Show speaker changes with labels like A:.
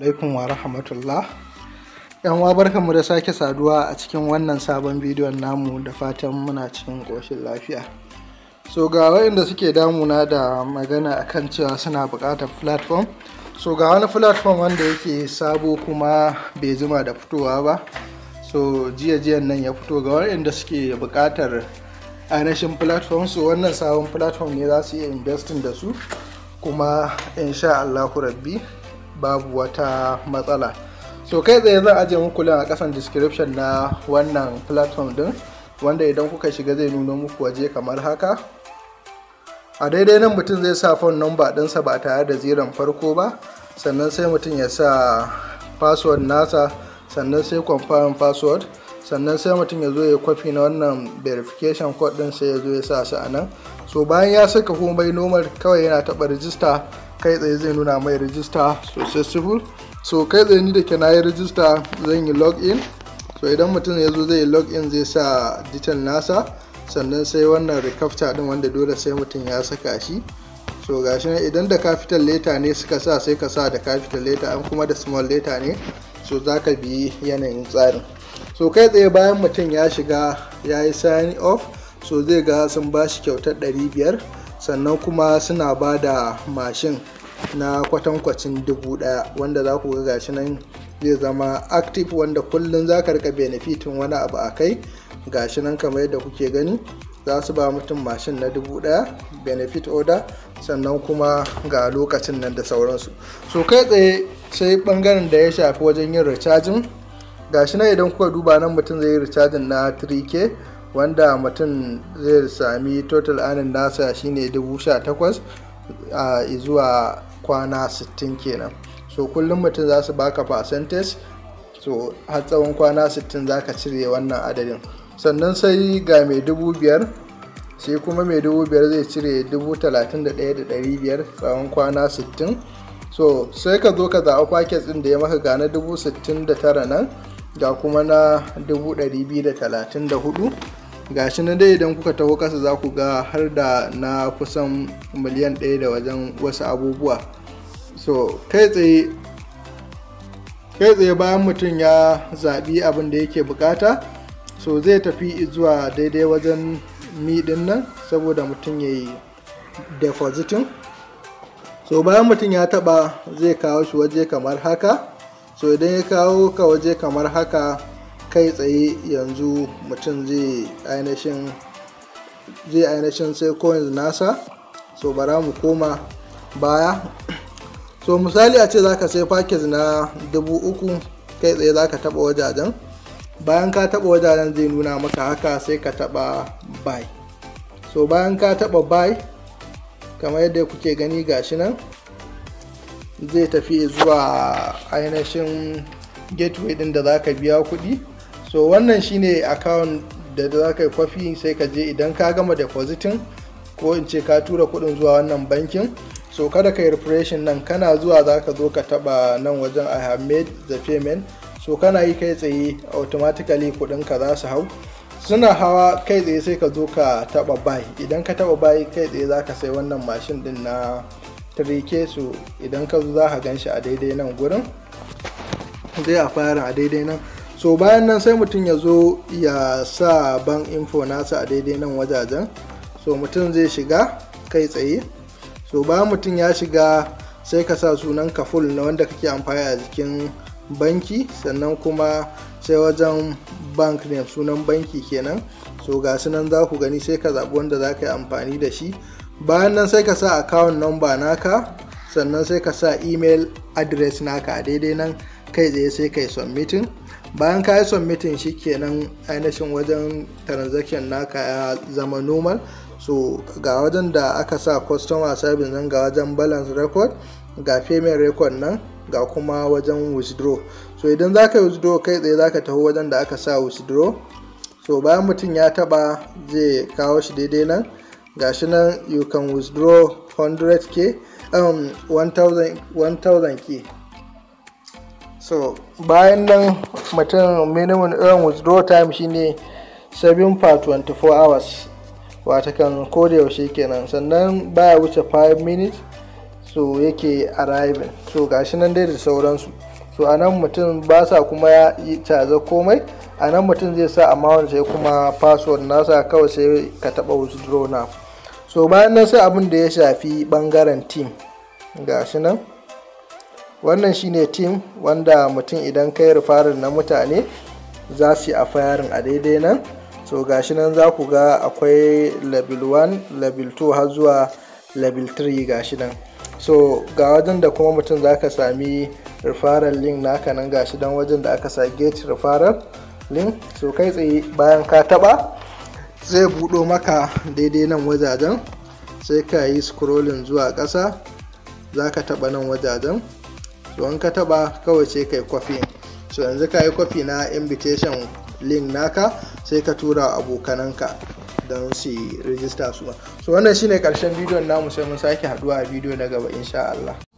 A: alaikum wa rahmatullah yanwa barkanmu da sake saduwa a cikin wannan sabon bidiyon namu da fatan muna cikin koshin lafiya so ga waɗanda suke damuna da magana akan cewa suna buƙatar platform so ga wani platform wanda yake sabo kuma bai zuma da fitowa ba so jiya jiyan nan ya fito ga waɗanda suke buƙatar ainihin platform so wannan sabon platform ne za su iya investing da su kuma insha Allahu rabbi babu wata matsala so kai tsaye zan ajiye muku a kasan description na wannan platform din wanda idan kuka shiga zai nuna muku waje kamar haka a daidai nan mutum zai sa phone number ɗinsa ba tare da ziran farko ba sannan sai mutum ya sa password nasa sannan sai confirm password sannan sai mutum ya zo ya kwafi na wannan verification code din sai ya zo ya sa su a nan so bayan ya saka komai normal kawai yana taɓa register. kai tsaye zai nuna mai rijista successful so kai tsaye ni da ke na yi rijista zan yi login so idan mutum ya zo zai yi in zai sa detail nasa sannan sai wannan recaptcha din wanda dole sai mutum ya saka shi so gashi nan idan da capital letter ne suka sa sai ka sa da capital letter an kuma da small letter ne so za ka bi yanayin tsarin so kai tsaye bayan mutum ya shiga ya yi sign off so zai ga sun ba shi kyautar 500 sannan kuma suna ba da mashin na kwatankwacin dubu daya wanda za ku ga gashi nan zai zama active wanda kullum za ka rika benefitin wani abu a kai gashi nan kamar yadda kuke gani za su ba mutum mashin na dubu ɗaya benefit order sannan kuma ga lokacin nan da sauransu so kai tsaye sai bangaren da ya shafi wajen yin recharging gashi nan idan kuka duba nan mutum zai yi recharging na 3k wanda mutum zai sami total anin nasa shine 18,000 a zuwa kwana 60 kenan so kullum mutum za su baka percentage so har tsawon kwana 60 za ka cire wannan adadin sannan sai ga mai dubu biyar sai kuma mai dubu biyar zai cire dubu talatin da ɗaya da ɗari biyar tsawon kwana 60 so sai ka zo ka zaɓi paket ɗin da ya maka gane dubu sittin da tara nan ga kuma na dubu ɗari biyu da talatin da hudu gashi na dai idan kuka taho kasa za ku ga har da na kusan miliyan ɗaya da wajen wasu abubuwa so kai tsaye kai tsaye bayan mutum ya zaɓi abin da yake bukata so zai tafi zuwa daidai wajen midin nan saboda mutum ya yi depositin so bayan mutum ya taba zai kawo shi waje kamar haka so idan ya kawo ka waje kamar haka kai tsaye yanzu mutum zai ainihin zai ainihin sai coins nasa so bara mu koma baya so misali a ce zaka sai package na dubu uku kai tsaye zaka taba wajajen bayan ka taba wajajen zai nuna maka haka sai ka taba buy so bayan ka taba buy kamar yadda kuke gani ga shi nan zai tafi zuwa ainihin gateway din da za ka biya kuɗi so wannan shine account da za ka yi kwafi sai ka je idan ka gama depositin ko in ce ka tura kudin zuwa wannan bankin so kada ka yi refreshing nan kana zuwa za ka zo ka taba nan wajen i have made the payment so kana yi kai tsaye automatically kudin ka za su hau suna hawa kai tsaye sai ka zo ka taba buy idan ka taba buy kai tsaye za ka sai wannan mashin din na 3k so idan ka zo za ka gan shi a daidai nan gurin zai a fara a daidai nan so bayan nan sai mutum ya zo ya sa ban info nasa a daidai nan wajajen so mutum zai shiga kai tsaye so bayan mutum ya shiga sai ka sa sunan ka full na wanda kake amfani a jikin banki sannan kuma sai wajen bank ne sunan banki kenan so ga su nan za ku gani sai ka zaɓi wanda za ka yi amfani da shi bayan nan sai ka sa account number naka sannan sai ka sa email address naka a daidai nan kai tsaye sai ka yi submitting bayan ka yi submitting shi kenan ainihin wajen transaction naka ya zama normal so ga wajen da aka sa customer service nan ga wajen balance record ga payment record nan ga kuma wajen withdraw so idan za ka yi withdraw kai tsaye za ka taho wajen da aka sa withdraw so bayan mutum ya taba zai kawo shi daidai nan ga shi nan you can withdraw 100k 1000k um, so bayan nan mutum minimum earn withdraw time shine 7 per 24 hours wata kan yaushe kenan sannan baya wuce 5 minutes so yake arriving so gashi nan dai da sauransu so a nan mutum ba sa kuma ya caza komai a nan mutum zai sa amma wanda sai kuma password nasa kawai sai ka taba withdraw na so bayan nan sai abin da ya shafi bangaren team gashi nan wannan shine team wanda mutum idan kai rufarin na mutane za su yi a fayarin a daidai nan so gashi nan za ku ga akwai level 1 level 2 har zuwa level 3 gashi nan so ga wajen da kuma mutum za ka sami referral link naka nan gashi dan wajen da aka sa gate referral link so kai tsaye bayan ka taba zai buɗo maka daidai nan wajajen sai ka yi scrolling zuwa ƙasa za ka taba nan wajajen don ka taba kawai sai kai kwafi so yanzu ka yi kwafi na invitation link naka sai ka tura abokananka don su yi rijista su so wannan shine karshen bidiyon namu sai mun sake haduwa a bidiyo na gaba insha Allah